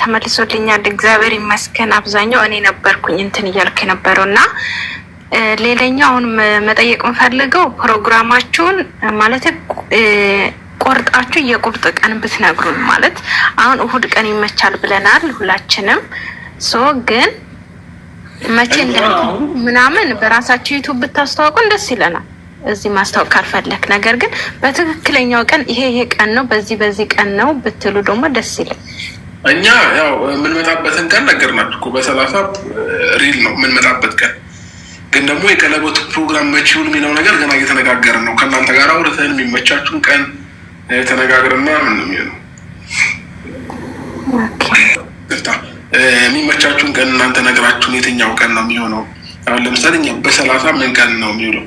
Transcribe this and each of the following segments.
ተመልሶልኛል። እግዚአብሔር ይመስገን። አብዛኛው እኔ ነበርኩኝ እንትን እያልኩ የነበረው እና ሌላኛው አሁን መጠየቅ የምፈልገው ፕሮግራማችሁን ማለት ቆርጣችሁ የቁርጥ ቀን ብትነግሩን። ማለት አሁን እሁድ ቀን ይመቻል ብለናል ሁላችንም። ሶ ግን መቼ ምናምን በራሳችሁ ዩቱብ ብታስተዋውቁን ደስ ይለናል። እዚህ ማስታወቅ ካልፈለክ፣ ነገር ግን በትክክለኛው ቀን ይሄ ይሄ ቀን ነው፣ በዚህ በዚህ ቀን ነው ብትሉ ደግሞ ደስ ይለኝ። እኛ ያው የምንመጣበትን ቀን ነገርናችሁ እኮ በሰላሳ ሪል ነው የምንመጣበት ቀን። ግን ደግሞ የቀለበቱ ፕሮግራም መቼውን የሚለው ነገር ገና እየተነጋገርን ነው። ከእናንተ ጋር አውርተን የሚመቻችሁን ቀን ተነጋግርና ምን ነው የሚሆነው የሚመቻችሁን ቀን እናንተ ነገራችሁን የትኛው ቀን ነው የሚሆነው? አሁን ለምሳሌ እኛ በሰላሳ ምን ቀን ነው የሚውለው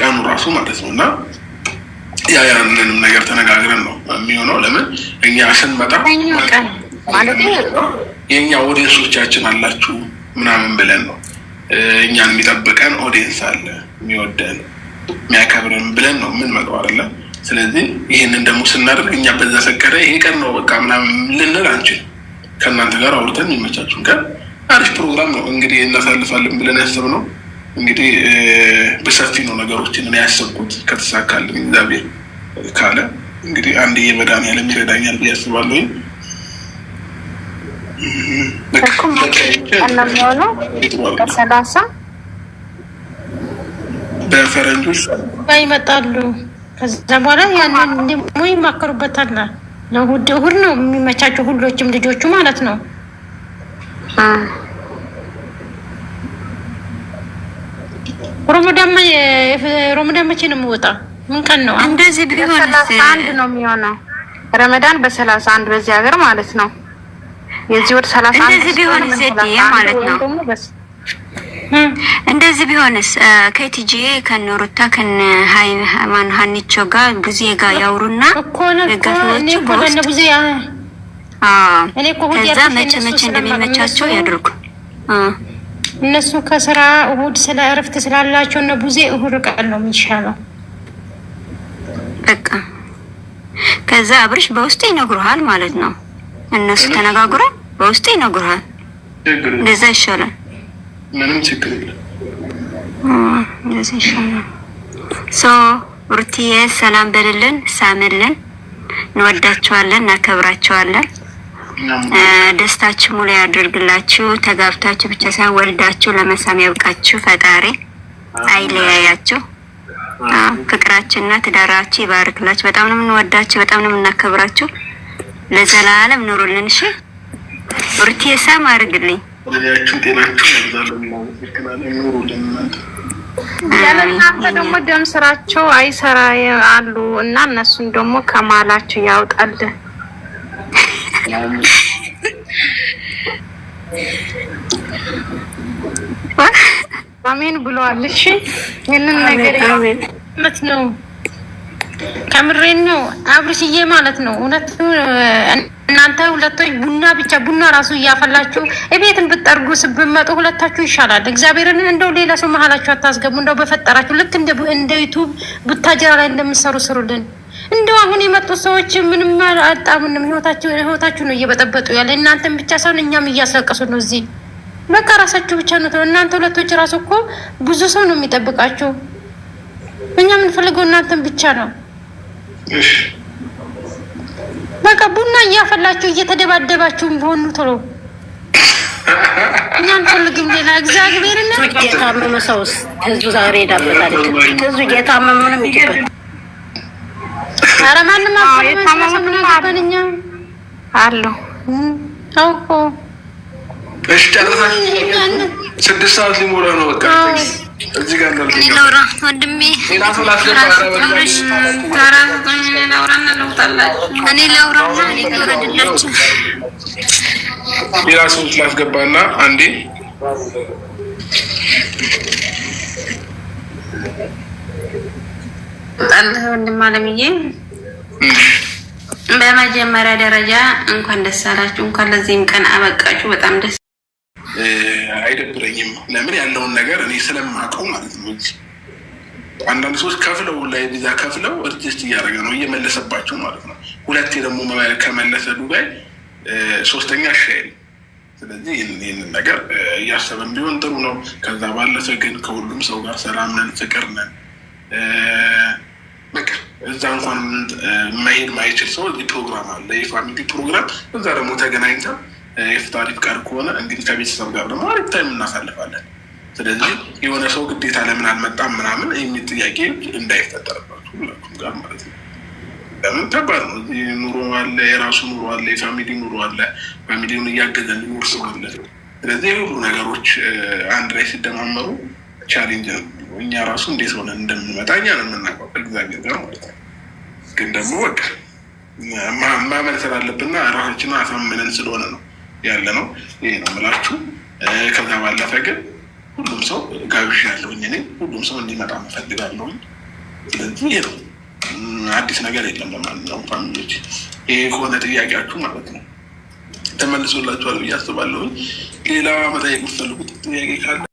ቀኑ ራሱ ማለት ነው እና ያ ያንንም ነገር ተነጋግረን ነው የሚሆነው። ለምን እኛ ስንመጣ ማለት የእኛ ኦዲየንሶቻችን አላችሁ ምናምን ብለን ነው እኛን የሚጠብቀን ኦዲየንስ አለ የሚወደን የሚያከብረን ብለን ነው ምን መጠው አለ። ስለዚህ ይህንን ደግሞ ስናደርግ እኛ በዛ ሰከረ ይሄ ቀን ነው በቃ ምናምን ልንል አንችል። ከእናንተ ጋር አውርተን የሚመቻችሁን ቀን አሪፍ ፕሮግራም ነው እንግዲህ እናሳልፋለን ብለን ነው። እንግዲህ በሰፊ ነው ነገሮችን ያሰብኩት። ከተሳካልን እግዚአብሔር ካለ እንግዲህ አንድ የመድኃኒዓለም ይረዳኛል ብዬ አስባለሁ። ቀን ነው የሚሆነው ሰላሳ በፈረንጆች ይመጣሉ። ከዛ በኋላ ያንን ደግሞ ይማከሩበታል። ለእሑድ እሑድ ነው የሚመቻቸው ሁሎችም ልጆቹ ማለት ነው። መቼ ነው የሚወጣ? ምን ቀን ነው? እንደዚህ ቢሆን አንድ ነው የሚሆነው ረመዳን በሰላሳ አንድ በዚህ ሀገር ማለት ነው። የዚህ ወር ሰላሳ እንደዚህ ቢሆን ማለት ነው። እንደዚህ ቢሆንስ ከቲጂ ከነሩታ ከነ ሃይማን ሀኒቾ ጋር ጊዜ ጋር ያውሩና ከዛ መቼ መቼ እንደሚመቻቸው ያድርጉ። እነሱ ከስራ እሁድ ስለ እረፍት ስላላቸው ቡዜ እሁድ ቀን ነው የሚሻለው። በቃ ከዛ አብርሽ በውስጥ ይነግሩሃል ማለት ነው። እነሱ ተነጋግሮ በውስጥ ይነግሩሃል። እንደዛ ይሻላል። ምንም ችግር የለም። ሶ ሩትዬ ሰላም በልልን፣ ሳምልን። እንወዳቸዋለን፣ እናከብራቸዋለን። ደስታችሁ ሙሉ ያድርግላችሁ። ተጋብታችሁ ብቻ ሳይሆን ወልዳችሁ ለመሳም ያብቃችሁ። ፈጣሪ አይለያያችሁ። ፍቅራችንና ትዳራችሁ ይባርክላችሁ። በጣም ነው የምንወዳችሁ፣ በጣም ነው የምናከብራችሁ። ለዘላለም ኑሩልን። እሺ ብርቴ ሳም አድርግልኝ። ወዲያችሁ ጤናችሁ ያለእናንተ ደግሞ ደም ስራቸው አይሰራ አሉ እና እነሱን ደግሞ ከማላቸው ያውጣልን። አሜን ብለዋል። እሺ ይህንን ነገር ነው ከምሬን ነው አብርሽዬ ማለት ነው። እውነት እናንተ ሁለቶች ቡና ብቻ ቡና ራሱ እያፈላችሁ እቤትን ብትጠርጉ ስብመጡ ሁለታችሁ ይሻላል። እግዚአብሔርን እንደው ሌላ ሰው መሀላችሁ አታስገቡ። እንደው በፈጠራችሁ ልክ እንደ ዩቱብ ቡታጅራ ላይ እንደምሰሩ ስሩልን። እንደው አሁን የመጡ ሰዎች ምንም አጣምንም። ህይወታችሁ ነው እየበጠበጡ ያለ እናንተን ብቻ ሳይሆን እኛም እያስለቀሱ ነው እዚህ በቃ ራሳችሁ ብቻ ነው። እናንተ ሁለቶች ራሱ እኮ ብዙ ሰው ነው የሚጠብቃችሁ። እኛ የምንፈልገው እናንተን ብቻ ነው። በቃ ቡና እያፈላችሁ እየተደባደባችሁ ሆኑ። ቶሎ እኛ አንፈልግም ሌላ እግዚአብሔር ና የታመመ ሰውስ ህዝቡ ዛሬ ሄዳበታል። ህዝቡ እየታመመ ነው የሚገባ። ኧረ ማንም አፈምናገባን እኛ አሉ እሺ፣ ጨርሰን ስድስት ሰዓት ሊሞላ ነው በቃ እኔ ላውራና በመጀመሪያ ደረጃ እንኳን ደስ አላችሁ፣ እንኳን ለዚህም ቀን አበቃችሁ። በጣም ደስ አይደብረኝም። ለምን ያለውን ነገር እኔ ስለማውቀው ማለት ነው። አንዳንድ ሰዎች ከፍለው ላይ ቪዛ ከፍለው እርጅስት እያደረገ ነው እየመለሰባቸው ማለት ነው። ሁለቴ ደግሞ ከመለሰ ዱባይ ሶስተኛ ሻይል። ስለዚህ ይህንን ነገር እያሰበን ቢሆን ጥሩ ነው። ከዛ ባለፈ ግን ከሁሉም ሰው ጋር ሰላም ነን፣ ፍቅር ነን። በቃ እዛ እንኳን መሄድ ማይችል ሰው ፕሮግራም አለ፣ የፋሚሊ ፕሮግራም። እዛ ደግሞ ተገናኝተን የፍጣሪ ፍቃድ ከሆነ እንግዲህ ከቤተሰብ ጋር ደግሞ አሪፍ ታይም እናሳልፋለን። ስለዚህ የሆነ ሰው ግዴታ ለምን አልመጣም ምናምን የሚል ጥያቄ እንዳይፈጠርበት ሁለቱም ጋር ማለት ነው። ለምን ከባድ ነው። ኑሮ አለ፣ የራሱ ኑሮ አለ፣ የፋሚሊ ኑሮ አለ። ፋሚሊውን እያገዘ ሊኖር ሰው አለ። ስለዚህ የሁሉ ነገሮች አንድ ላይ ሲደማመሩ ቻሌንጅ ነው። እኛ ራሱ እንዴት ሆነ እንደምንመጣ እኛ ነው የምናውቀው እግዚአብሔር ጋር ማለት ነው። ግን ደግሞ በቃ ማመን ስላለብና ራሳችንን አሳምነን ስለሆነ ነው ያለ ነው። ይሄ ነው የምላችሁ። ከዛ ባለፈ ግን ሁሉም ሰው ጋብዥ ያለውኝ እኔ ሁሉም ሰው እንዲመጣ እፈልጋለሁኝ። ስለዚህ ይሄ ነው አዲስ ነገር የለም። ለማንኛውም ፋሚሊዎች ይሄ ከሆነ ጥያቄያችሁ ማለት ነው ተመልሶላችኋል ብዬ አስባለሁኝ። ሌላ መጠየቅ የምትፈልጉት ጥያቄ ካለ